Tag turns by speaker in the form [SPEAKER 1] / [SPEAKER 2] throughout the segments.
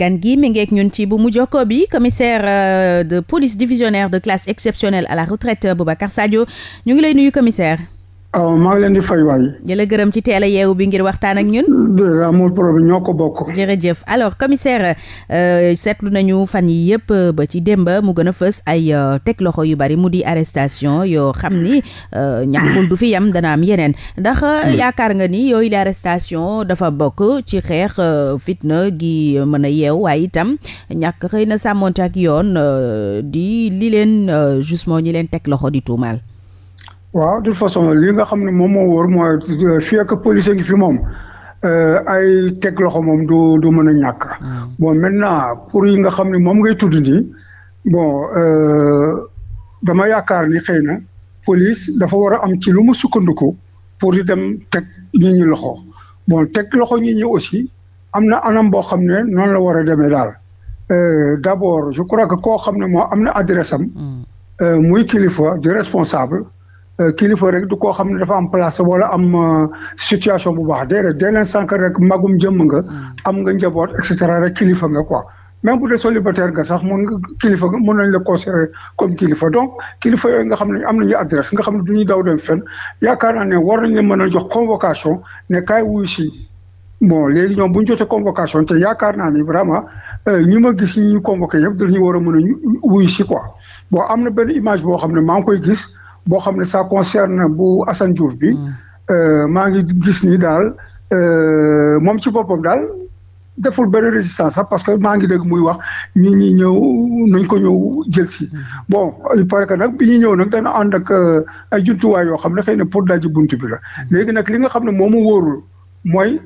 [SPEAKER 1] gan gi mi ngeek ñun ci bu mu jokko bi commissaire euh, de police divisionnaire de classe exceptionnelle à la retraite Boubacar Sadio ñu ngi lay nuyu commissaire
[SPEAKER 2] aw maa ngi leen di fay waay.
[SPEAKER 1] di gërëm ci teel a yeewu bi ngir waxtaan ak ñun. dèjà amul problème ñoo ko bokk. jërëjëf alors commissaire euh, seetlu nañu fan yi yëpp euh, ba ci démba mu gën a fës ay euh, teg loxo yu bari mu di arrestation yoo xam ni ñàkkul du fi yam dana am yeneen ndax hmm. yaakaar nga ni yooyu la arrestation dafa bokk ci xeex fitna gi mën a yeew waaye itam ñàkk xëy na sàmmoonte ak yoon di li leen justement ñi leen teg loxo di tuumaal.
[SPEAKER 2] waaw du façon li nga xam ne moom moo wóor mooy euh, fii ak police ngi fi moom euh, ay teg loxo moom du du mën a ñàkk. Hmm. bon maintenant pour yi nga xam ne moom ngay tudd nii bon euh, dama yaakaar ni xëy na police dafa war a am ci lu mu sukkandiku pour di dem teg ñi ñi loxo bon teg loxo ñi ñi aussi am na anam boo xam ne noonu la war a demee daal. Euh, d' abord je crois que koo xam ne moo am na adresse am. Hmm. muy kilifa di responsable. Euh, kilifa rek du koo xam ne dafa am place wala am euh, situation bu baax déedéet dès l'instant rek magum jëmm nga. Mm. am nga njaboot et rek kilifa nga ko même bu dee célibataire nga sax mun nga kilifa nga mun nañ la considérer comme kilifa donc kilifa nga xam ne am nañu adresse nga xam ne du ñu daw dem fenn yaakaar naa ne war nañ la mën a jox convocation ne kaay wuyu si moo léegi ñoom bu ñu jotee convocation te yaakaar naa ni vraiment euh, ñi ma gis ñi ñu convoqué yëpp dañu war a mën a wuyu si quoi bon am na benn image boo xam ne maa ngi koy gis. boo xam ne ça concerne bu Assane Diouf bi mm. euh, maa ngi gis ni daal euh, moom ci boppam daal deful benn résistance sax parce que maa ngi dégg muy wax ñi ñi ñëw nañ ko ñëw jël si mm. bon il paraît que nag bi ñuy ñëw nag dana ànd ak euh, ay jumtuwaay yoo xam ne xëy na pour dajji buntu bi la mm. léegi nag li nga xam ne moomu wóorul mooy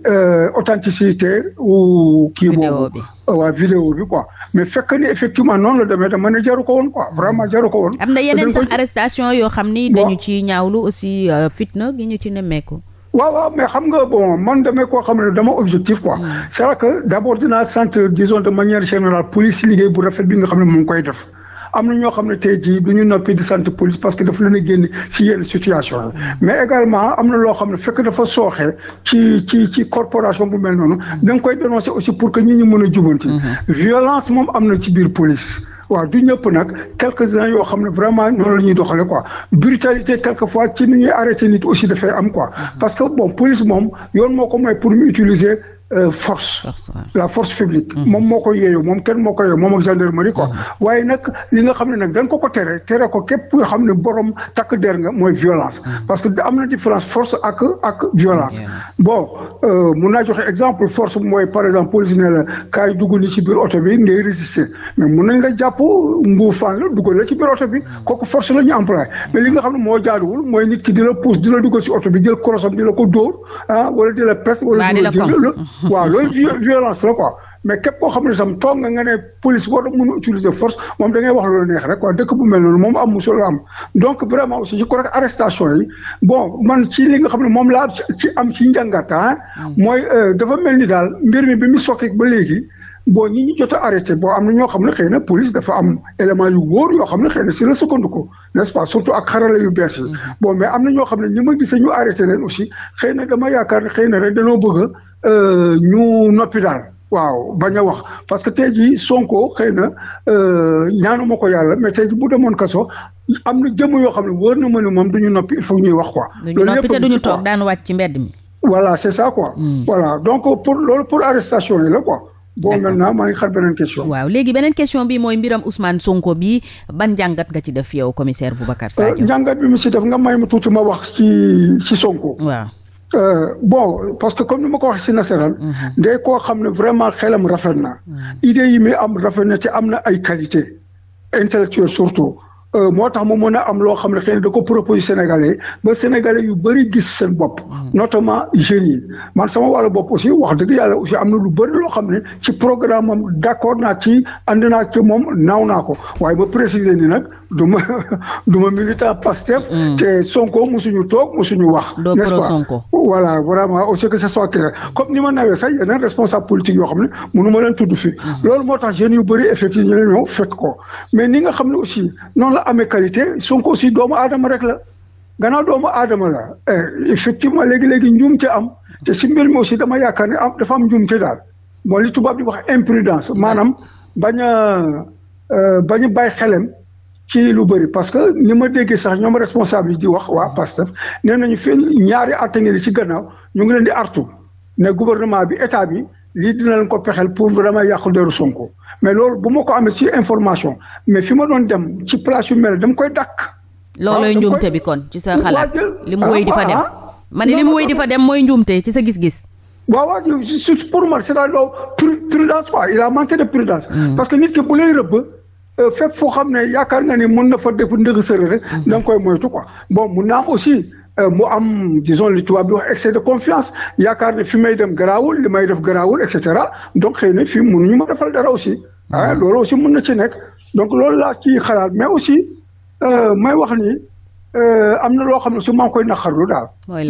[SPEAKER 2] authenticité u kii boobu waa vidéo bi quoi mais fekk ni effectivement noonu la demee dama ne jaru ko woon ko vraiment mm. jaru ko woon. am na yeneen sax
[SPEAKER 1] arrestation yoo xam ni. dañu ci ñaawlu aussi euh, fitna gi ñu ci nemmeeku.
[SPEAKER 2] waaw waaw mais xam nga bon man demee koo xam ne dama objectif quoi mm. c'est vrai que d'abord dinaa sant disons de manière générale police liggéey bu rafet bi nga xam ne moom koy def. am na ñoo xam ne te jii du ñu noppi di sant police parce que dafa leen a génn si yenn situation yi mm. mais également am na loo xam ne fekk dafa sooxe ci ci ci corporation bu mel noonu mm. da nga koy dénoncer aussi pour que ñi ñu mën a jubanti mm-hmm. violence moom am na ci biir police waa du ñëpp nag quelques uns yoo xam ne vraiment ñoo la ñuy doxale quoi brutalité quelquefois ci ni ñuy arrêté nit aussi dafay am quoi mm-hmm. parce que bon police moom yoon moo ko may pour ñu utiliser Euh, force la force publique mhm. moom moo ko yeeyu moom kenn moo ko yeeyu moom ak gendarmerie ko mhm. waaye nag li nga xam ne nag dañ ko ko tere ko képp nga xam ne borom takk der nga mooy violence mhm. parce que am na différence force ak ak violence bon euh, mun naa joxe exemple force mooy par exemple police nee la kaay dugg ni ci biir oto bi ngay résister mais mun nañ la jàpp mbuufaan la duggal la ci biir oto bi kooku force la ñu employé mais li nga xam ne moo jaaduwul mooy nit ki di la pousse di la duggal ci oto bi jël korosam di la ko dóor ah wala di la pes wala di la waaw loolu violence la quoi mais képp koo xam ne sam toog nga nga ne police war a mën force moom da wax loolu neex rek quoi dëkk bu mel noonu moom am musul am donc vraiment aussi je crois que arrestation man ci li nga xam ne moom laa ci am ci njàngat ah. hmm. mooy euh, dafa mel ni daal mbir mi bi mu sokkeek ba léegi bon ñi ñu jot a arrêté am na ñoo xam ne xëy na police dafa am élément yu wóor yoo xam ne xëy na si la sukkandiku n'est-ce pas surtout ak xarala yu bees yi hmm. bon mais am na ñoo xam ne ñi ma gisee ñu arrêté leen aussi xëy na dama yaakaar ne xëy na rek danoo bëgg Euh, ñu noppi daal waaw bañ a wax parce que te jii Sonko xëy na euh, ñaanu ma ko yàlla mais tey jii bu demoon kaso am na jëmm yoo xam ne wóor na ma ne moom du ñu noppi il ñuy wax quoi. loolu ñu toog
[SPEAKER 1] daan ci mbedd mi.
[SPEAKER 2] voilà c'est ça mm. donc pour loolu pour arrestation yi la quoi. bon maintenant maa ngi xar beneen
[SPEAKER 1] question. waaw léegi beneen question bi mooy mbiram Ousmane Sonko bi ban njàngat nga ci def yow commissaire Boubacar
[SPEAKER 2] Sadio. njàngat euh, bi mu si def nga may ma tuuti ma wax ci ci Sonko. waaw. Euh, bon parce que comme ni ma ko wax si nasaraan. koo xam ne vraiment xelam rafet na. Mhm. idées yi muy am rafet na te am na ay qualité intellectuelle surtout euh, moo tax mu mën a am loo xam ne xëy na da ko proposé Sénégalais ba Sénégalais yu bëri gis seen bopp. Mhm. notamment jeunes yi man sama wàllu bopp aussi wax dëgg yàlla aussi am na lu bëri loo xam ne ci programme moom d'accord naa ci ànd naa ci moom naaw naa ko waaye ma préciser ni nag du ma du ma militant Pastef mm. te Sonko musuñu toog mu su ñu wax n'est-ce pas wala vraiment aussi que ce soit clair comme ni ma nawee sax yeneen responsable politique yoo xam ne mënu ma leen tudd fii mm. loolu moo tax jeunes yu bari effectivement ñu ñëw fekk ko mais ni nga xam ne aussi noonu la amee qualité Sonko aussi doomu aadama rek la gannaaw doomu aadama la eh, effectivement léegi-léegi njuumte am te si mbir mi aussi dama yaakaar ni am dafa am njuumte daal mooy li tubaab di wax imprudence maanaam bañ a euh, bañ bàyyi xelam ci lu bëri parce que ni ma déggee sax ñoom responsable yi di wax waa Pastef nee nañu fi ñaari at ngeen si gannaaw ñu ngi leen di artu ne gouvernement bi état bi lii dina leen ko pexeel pour vraiment yàqu deru Sonko mais loolu bu ma ko amee si information mais fi ma doon dem ci place yu mel dama koy dàkk. loolooy ah, njuumte bi kon ci sa xalaat ah, ah. li mu wéy di fa dem mooy njuumte ci sa gis-gis waaw waaw pour man c'est-à-dire prudence quoi il a manqué de prudence hmm. parce que nit ki bu lay rëbb euh, fépp foo xam ne yaakaar nga ni mën na fa def ndëgg sërë rek hmm. da nga koy moytu ko bon mun naa aussi euh, mu am disons li tubaab bi wax excès de confiance yaakaar ne fi may dem garaawul li may def garaawul et cetera donc xëy na fii ñu ma defal dara aussi hmm. ah loolu aussi mën na ci nekk donc loolu xalaat mais aussi Euh, may wax ni euh, am na loo xam ne su ma koy naqarlu daal.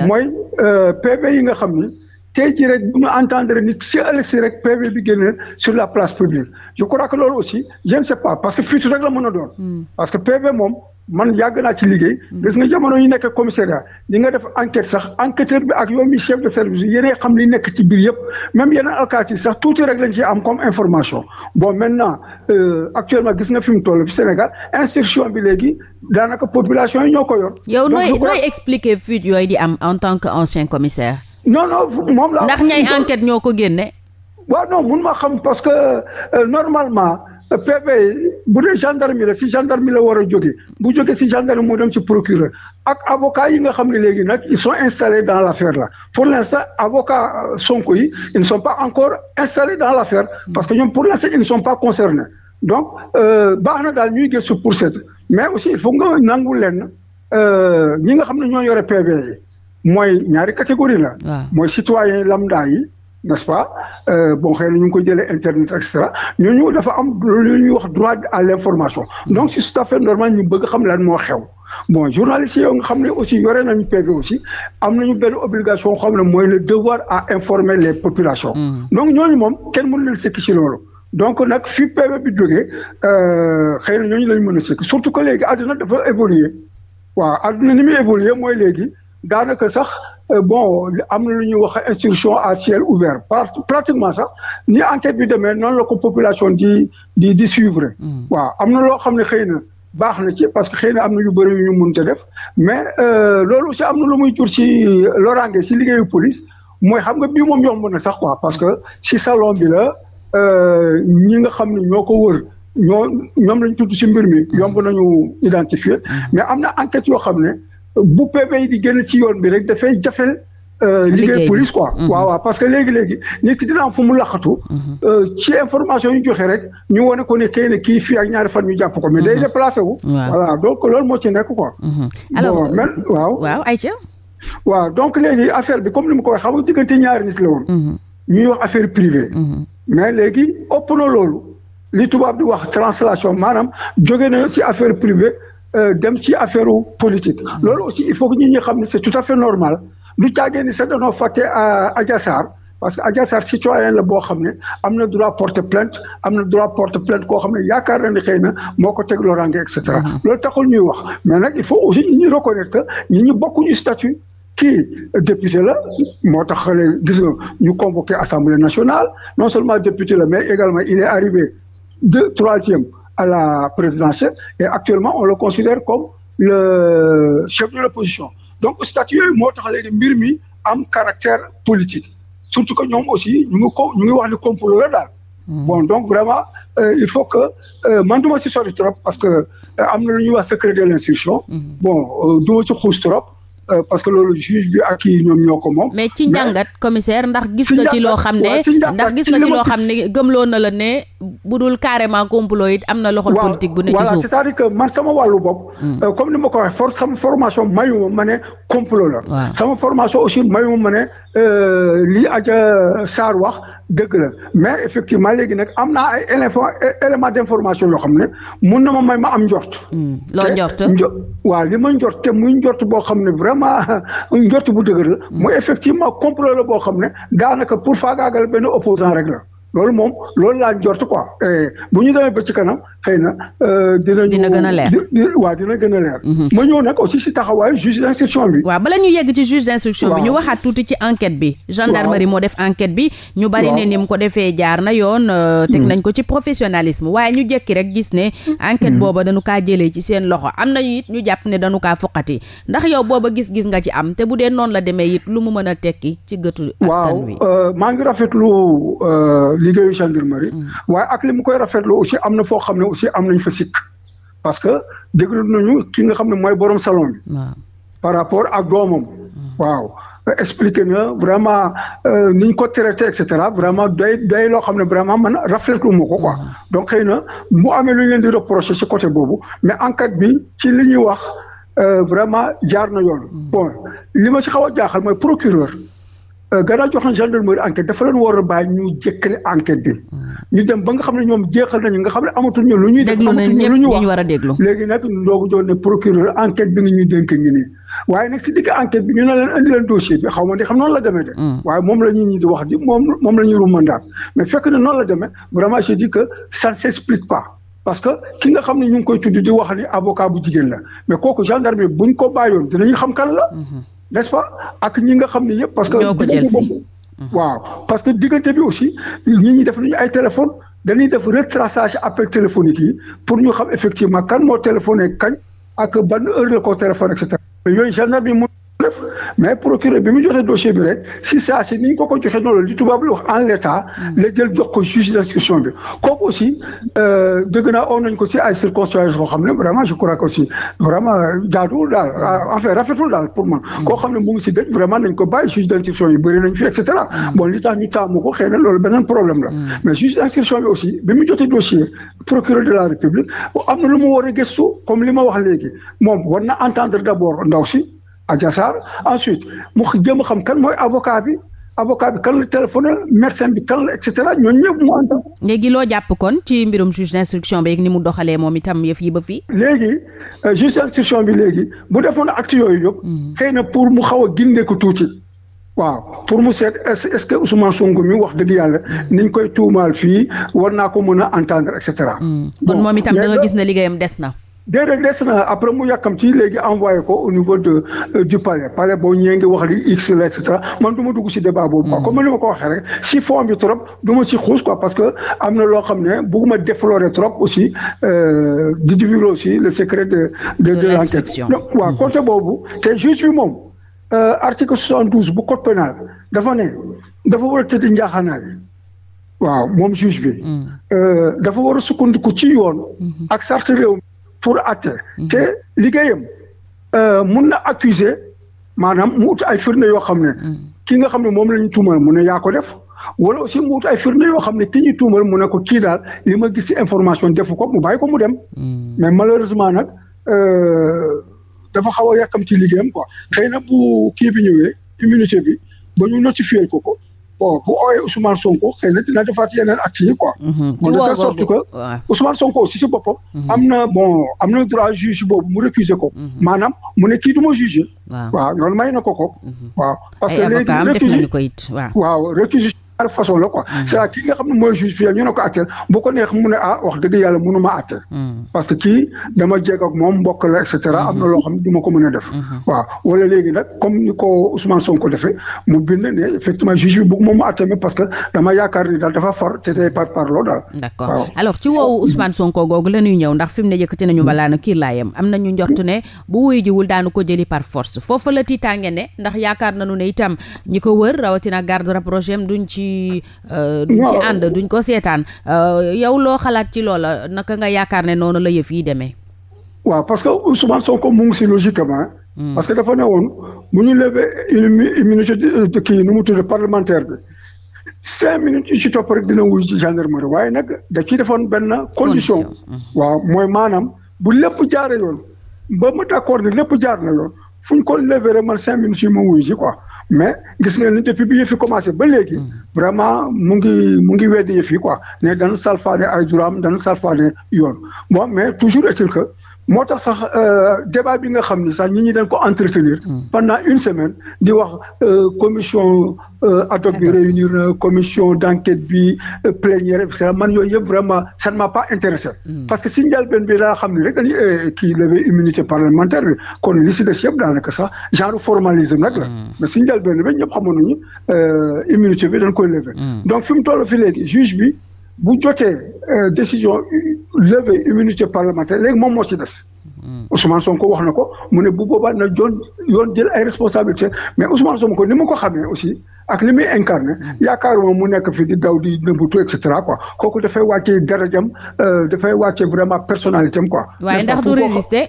[SPEAKER 2] mooy euh, PV yi nga xam ni tey jii rek bu entendre ni si ëllëg si rek PV bi génne sur la place publique je crois que loolu aussi je ne sais pas parce que futur rek la mën a doon. Hmm. parce que PV moom man yàgg naa ci liggéey. Mm. gis nga jamono yi nekk commissariat di nga def enquête sax enquêteur bi ak yow mi chef de service yéenay xam li nekk ci biir yëpp même yeneen alkaati yi sax tuuti rek lañ ci am comme information bon maintenant euh, actuellement gis nga fi mu toll fi Sénégal instruction bi léegi daanaka population yi ñoo ko yoon yow nooy nooy
[SPEAKER 1] expliquer fuite yooyu di am en tant que ancien commissaire.
[SPEAKER 2] non non moom la. ndax ñay enquête ñoo ko génne. waa non mun ma xam parce que euh, normalement. Euh, PV bu dee gendarme la si gendarme la war a jóge bu jógee si gendarme moo dem si procureur ak avocat yi nga xam ne léegi nag ils sont installés dans l'affaire là pour l'instant avocat euh, Sonko yi ils ne sont pas encore installés dans l'affaire parce que ñoom pour l'instant ils ne sont pas concernés donc euh, baax na daal ñuy gëstu pour seet mais aussi il faut nga nangu leen ñi nga xam ne ñoo yore PV e, mooy ñaari catégorie la mooy citoyen lambda yi n'est-ce pas euh, bon xëy na ñu ngi ko jëlee internet et ñu ñooñu dafa am lu ñuy wax droit à l'information information c'est tout à fait normal ñu bëgg xam lan moo xew bon journalistes xam ne aussi yore nañu PV aussi am nañu benn obligation xam ne mooy le devoir à informer les populations. Mm. donc ñooñu moom kenn mënu leen sekk donc nag fi PV bi jógee euh, xëy na ñooñu lañ mën a sekk surtout que léegi àdduna dafa évoluer waaw àdduna ni muy évoluer mooy léegi daanaka sax. Euh, bon am na lu ñuy wax instruction à ciel ouvert pratiquement sax ni enquête bi demee noonu la ko population di di di suivre. Hmm. waaw am na loo xam ne xëy na baax na ci parce que xëy na am na yu bëri yu ñu mënta def mais euh, loolu aussi am na lu muy jur si lorange si liggéeyu police mooy xam nga bii moom yomb na sax quoi parce que si salon bi la euh, ñi nga xam ne ñoo ko wër. ñoo ñoom lañ tudd si mbir mi hmm. yomb nañu identifier hmm. mais am na enquête yoo xam ne bu PV yi di génn si yoon bi rek dafay jafel euh, liggéey police quoi mhm. waaw waaw parce que léegi-léegi nit ki dina am fu mu laqatu mhm. euh, ci information yu joxe rek ñu wane ko ne kay ne kii fii ak ñaari fan ñu jàpp ko mais day mhm. déplacé wu voilà donc loolu moo ci nekk quoi alors man waaw waaw Aïcha waaw donc léegi affaire bi comme ni ma ko waxee xam nga diggante ñaari nit la woon ñuy wax affaire privée mais léegi ëpp loolu li tubaab di wax translation maanaam jóge na si affaire privée Euh, dem ci affaire politique hmm. loolu aussi il faut que ñi ñi xam ne c'est tout à fait normal lu caagee ni sax danoo fàtte euh, a Sarr parce que Adja Sarr citoyen la boo xam ne am na droit porter plainte am na droit porter plainte koo xam ne yaakaar na ni xëy na moo ko teg loraange et cetera hmm. loolu taxul ñuy wax mais nag il faut aussi ñi ñu reconnaître que ñi ñu bokkuñu statut kii député la moo tax xale gis nga ñu convoqué assemblée nationale non seulement député la mais également il est arrivé deux troisième à la présidence et actuellement on le considère comme le chef de l'opposition donc statut yooyu moo tax léegi mbir mi am caractère politique surtout que ñoom aussi ñu ngi ko ñu ngi wax ni complot la daal hmm. bon donc vraiment euh, il faut que euh, man duma si sori trop parce que euh, am na lu ñuy wax secret de l'instruction hmm. bon euh, duma si xuus trop Euh, parce que loolu juge bi ak kii ñoom ñoo ko moom. mais ci njàngat
[SPEAKER 1] commissaire ndax gis nga ci loo xam ne ndax gis nga ci loo xam ne gëmloo na la ne bu dul carrément complot it am na loxol politique bu ne ci suuf. voilà
[SPEAKER 2] c'est-à-dire que man sama wàllu bopp. Hmm. Euh, comme ni ma ko waxee formation mayu ma ne complot la. waaw sama formation aussi may mu ma ne euh, lii aja Sarr wax dëgg la mais effectivement léegi nag am naa ay éléments d'information yoo xam ne mun na ma may ma am njort. Hmm. loo njort njo waaw li ma njort te muy njort boo xam ne vraiment njort bu dëgër la. Hmm. muy effectivement complot boo xam ne daanaka pour faagaagal benn opposant rek la. loolu moom loolu laa jort quoi eh, bu ñu demee ba ci kanam xëy na. Euh, dina gën a leer waaw dina gën a leer. Mhm. ma ñëw nag aussi si taxawaayu juge d'instruction bi. waaw bala ñu yegg ci
[SPEAKER 1] juge d'instruction bi. ñu waxaat tuuti ci enquête bi. gendarmerie moo def enquête bi. ñu bari ne ni ko defee jaar na yoon. Euh, teg mhm. nañ ko ci professionnalisme waaye ñu jekki rek gis ne. enquête mhm. booba dañu kaa jëlee ci seen loxo am na it ñu jàpp ne dañu kaa foqati ndax yow booba gis-gis nga ci am te bu dee noonu la demee it lu mu mën a tekki ci gëtu
[SPEAKER 2] liggéeyu gendarmerie. Mm. waaye ak li mu koy rafetlu aussi am na foo xam ne aussi am nañ fa sikk. parce que déglu nañu ki nga xam ne mooy borom salon bi. par rapport ak doomam. Mm. waaw expliqué na vraiment euh, ni ñu ko traité et cetera vraiment day day loo xam ne vraiment man rafetlu ma ko quoi. Mm. donc xëy na mu amee lu ñu leen di reproché si côté boobu mais enquête bi ci li ñuy wax euh, vraiment jaar na yoon. bon li ma si xaw a jaaxal mooy procureur. Euh, gannaaw jox na gendarmerie enquête dafa leen war a bàyyi ñu jëkkale enquête bi hmm. ñu dem ba nga xam ne ñoom jeexal nañu nga xam ne amatuñu lu ñuy def amatuñu lu ñu wax léegi nag ndoogu doon ne procureur enquête bi nga ñuy dénk ngi nii waaye nag si digg enquête bi ñu ne leen bi xaw ma di xam noonu la demee de hmm. waaye moom la ñuy ñi di wax di moom moom la ñuy rumandaat mais fekk ne noonu la demee vraiment je dis que ça ne pas parce que ki nga xam ne ñu ngi koy tudd di wax ni avocat bu jigéen la mais kooku gendarmerie buñ ko bàyyoon dinañu xam kan la hmm. n'est-ce pas ak ñi nga xam ne yëpp. parce que ñoo ko jël si mhm. waaw parce que diggante bi aussi ñi ñi def nañu ay téléphone dañuy def retraçage appel téléphonique yi pour ñu xam effectivement kan moo téléphoné kañ ak ban heure la ko téléphone et cetera. mais yooyu gendarme bi def mais procureur bi mu joxe dossier bi rek si saa si ni ko ko joxe noonu li tubaab mm. bi kooku aussi euh, dëgg naa oo nañ ko si ay circonstances yoo xam ne vraiment je crois que vraiment euh, jaaduwul daal mm. en fait rafetul daal pour man mm. koo xam ne mu ngi si dëj vraiment nañ ko bàyyi bëri nañ fi et cetera bon ko xëy na loolu beneen problème la mais juge d'instruction bi aussi bi mu jote na lu mu war a gëstu comme li ma wax léegi moom war na entendre d'abord ndaw si Adja Sarr ensuite mu jéem xam kan mooy avocat bi avocat kan la téléphoné médecin bi kan la et ñooñ ñooñu ñëpp mu ànd.
[SPEAKER 1] léegi loo jàpp kon ci mbirum juge d'instruction beeg ni mu doxalee moom itam yëf yi ba fii.
[SPEAKER 2] léegi euh, juge d'instruction bi léegi bu defoon acte yooyu yëpp. Hmm. xëy na pour mu xaw a gindee ko tuuti. waaw pour mu seet est-ce que Ousmane Sonko mi wax dëgg yàlla hmm. niñ koy tuumaal fii war naa ko mën a entendre et cetera. Hmm.
[SPEAKER 1] bon kon moom itam da nga gis na liggéeyam des na.
[SPEAKER 2] déedéet des na après mu yàkkam ci léegi envoyé ko au niveau de euh, du palais palais boo ñëwee ngi wax li x la et man duma ma dugg si débat boobu quoi hmm. comme ni ma ko waxee rek si fond bi trop du ma si xuus ko parce que am na loo xam ne bëgguma déflorer trop aussi euh, di divulguer aussi le secret de de de l'enquête waaw hmm. boobu te juge bi moom euh, article 72 bu cote pénal dafa ne dafa war a tëdd njaaxanaay waaw moom juge bi hmm. dafa war a sukkandiku ci yoon ak charte pour àtte mhm. te liggéeyam euh, mun na accuser maanaam mu ut ay firnde yoo xam ne mhm. ki nga xam ne moom la ñu tuumal mu ne yaa ko def wala aussi mu ut ay firnde yoo xam ne ki ñu tuumal mu ne ko kii daal li ma gis ci information defu ko mu bàyyi ko mu dem mhm. mais malheureusement nag euh, dafa xaw a yàkkam ci liggéeyam quoi xëy na bu kii bi ñëwee immunité bi ba ñu notifié ko ko bon bu ooyee Ousmane Sonko xëy na dina defaat yeneen actes yi quoi. bon mhm. de telle sorte que Ousmane Sonko aussi si boppam. Mhm. am na bon am na droit juge boobu mu récuser ko. Mhm. maanaam mu ne kii du ma juger. waaw waaw yoon may na ko ko. waaw parce que léegi ñaari façon la quoi hmm. c'est-à-dire ki nga xam ne mooy juge fii ñu ne ko àtteel bu ko neex mu ne ah wax dëgg yàlla mënuma àtte hmm. parce que dama jeeg moom mbokk la et am na hmm. loo xam ne a daal dafa far te day par parloo daal d'accord
[SPEAKER 1] alors ci woowu oh. Ousmane Sonko googu la ñëw ndax fi mu ne yëkkati nañu na kii laayam am nañu njort ne bu wuy jiwul daanu ko jëli par force foofu la tiitaange ne ndax yaakaar nañu ne itam ñi ko wër rawatina garde rapproché duñ ci duñ ànd duñ ko seetaan euh, yow loo xalaat ci loola naka nga yaakaar ne noonu la yëf yi demee
[SPEAKER 2] waaw parce que Ousmane Sonko mu ngi si logiquement ah. hmm. parce que dafa ne woon bu ñu lever immunité de kii nu mu tudd parlementaire bi cinq minutes yu ci topp rek dina wuyu ci gendarmerie waaye nag da ciy defoon benn condition hmm. waaw mooy maanaam bu lépp jaare yoon ba mu d'accord ni lépp jaar na yoon fu ñu ko lever man cinq minutes yi ma wuyu ji quoi mais gis ngeen ni depuis bi ñu fi commencé ba léegi hmm. vraiment mu ngi mu ngi weddi yëf yi quoi ne dañu salfaane ay duraam dañu salfaane yoon bon mais toujours est-il moo tax sax euh, débat bi nga xam ni sax ñi ñi dañ ko entretenir hmm. pendant une semaine di wax euh, commission euh, ad hoc bi réunir commission d'enquête bi plénière et cetera man yooyu yëpp vraiment ça ne m'a pas intéressé hmm. parce que si njëlbeen bi laa xam ni rek dañuy kii lever immunité parlementaire bi kon li si des yëpp daanaka sax genre formalisme rek la hmm. mais si njëlbeen bi ñëpp xamoon nañu immunité bi dañ koy lever donc fi mu toll fi léegi juge bi bu jotee euh, décision levée immunité parlementaire léegi moom moo ci des. Hmm. Ousmane Sonko wax na ko mu ne bu boobaa na joon yoon jël ay responsabilité mais Ousmane Sonko ni ma ko xamee aussi ak li muy incarné hmm. yaakaaruma mu nekk fi di daw di nëbbutu et cetera ko kooku dafay wàccee darajam euh, dafay wàccee vraiment personnalité am quoi. waaye ndax du résister.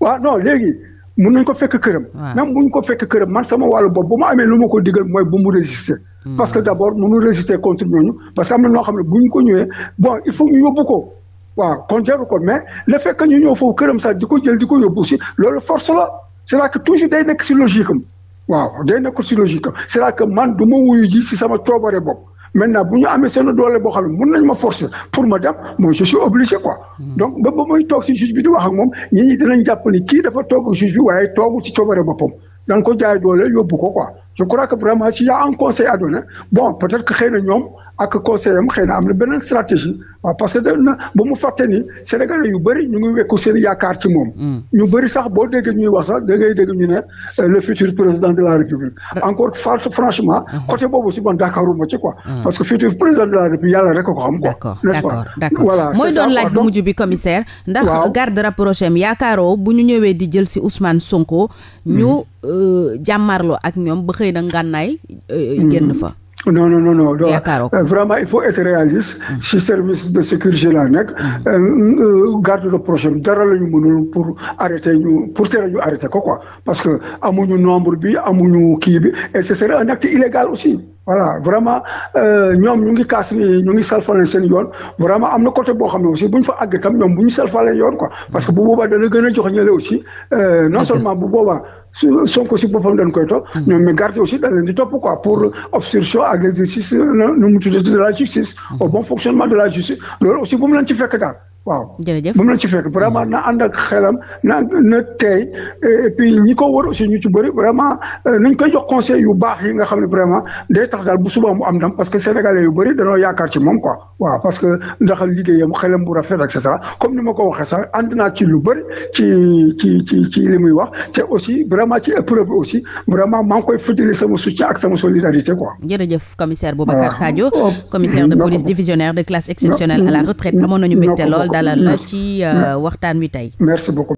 [SPEAKER 2] waaw non léegi mun nañ ko fekk këram. même bu ñu ko fekk këram man sama wàllu bo bu ma amee lu ma ko digal mooy bu mu résister. Hmm. parce que d' abord mënu résister contre ñooñu parce que am na noo xam ne bu ñu ko ñëwee bon il faut ñu yóbbu ko waaw kon jaru ko mais le fekk que ñu ñëw foofu këram sax di ko jël di ko yóbbu si loolu force la c' est là toujours day nekk si logique am waaw day nekk si logique am c' est là man du ma wuyu ji si sama coobare bopp maintenant bu ñu amee seen doole boo xam ne mun nañ ma forcer pour ma dem mooy je suis obligé quoi. Hmm. donc ba ba muy toog si juge bi di ak moom ñi ñi dinañ jàpp ni kii dafa toog ak waaye toogu si coobare boppam. da ko jaay doole yóbbu ko quoi je crois que vraiment s'il y a un conseil à donner bon peut-être que xëy na ak conseil am xëy na am na beneen stratégie waaw parce que da na bu mu fàtte ni sénégalais yu bëri ñu ngi wekku seen yaakaar ci moom mm. ñu bëri sax boo déggee ñuy wax sax da ngay dégg ñu ne euh, le futur président de la république encore fa franchement uh-huh. côté boobu si man d'accorduma ci quoi uh-huh. parce que futur président de la république yàlla rek ko xam quoi n'est-ce pas voilà mooy doon laaj bu
[SPEAKER 1] mujj bi commissaire ndax garde rapproché yaakaaroo bu ñu ñëwee di jël si Ousmane Sonko ñu mm. euh, jàmmarloo ak ñoom ba xëy na ngànnaay euh, mm. génn fa
[SPEAKER 2] non non non non euh, vraiment il faut être réaliste hmm. si service de sécurité laa nekk hmm. euh, euh, garde de projet dara la ñu mënul pour arrêter ñu pour tere ñu arrêter ko quoi parce que amuñu nombre bi amuñu kii bi et ce serait un illégal aussi voilà vraiment euh, ñoom ñu ngi kaas ni ñu ngi salfale seen yoon vraiment am na côté boo xam ne aussi bu ñu fa àgg tam ñoom bu ñu salfale yoon quoi parce que bu boobaa dana gën a jox ñële aussi euh, non seulement bu boobaa su Sonko si boppam dañ koy topp hmm. ñoom mais garde aussi dañ leen di topp quoi pour obstruction à l'exercice euh, nu mu tuddee de la justice hmm. au bon fonctionnement de la justice loolu aussi bu mu leen fekk daal waaw jërëjëf moom na ci fekk vraiment mm-hmm. na ànd ak xelam na na tey et ñi ko war aussi ñu ci bëri vraiment euh, nañ koy jox conseil yu baax yi nga xam ne vraiment day tax daal bu subaa mu am ndam parce que sénégalais yu bëri dañoo yaakaar ci moom quoi waaw parce que ndax liggéeyam xelam bu rafet et cetera comme ni ma ko waxee sax ànd naa ci lu bëri ci ci ci muy wax te aussi vraiment ci épreuve aussi vraiment maa ngi koy fëtali sama soutien ak sama solidarité quoi.
[SPEAKER 1] jërëjëf commissaire dalal la ci euh, waxtaan wi tey merci beaucoup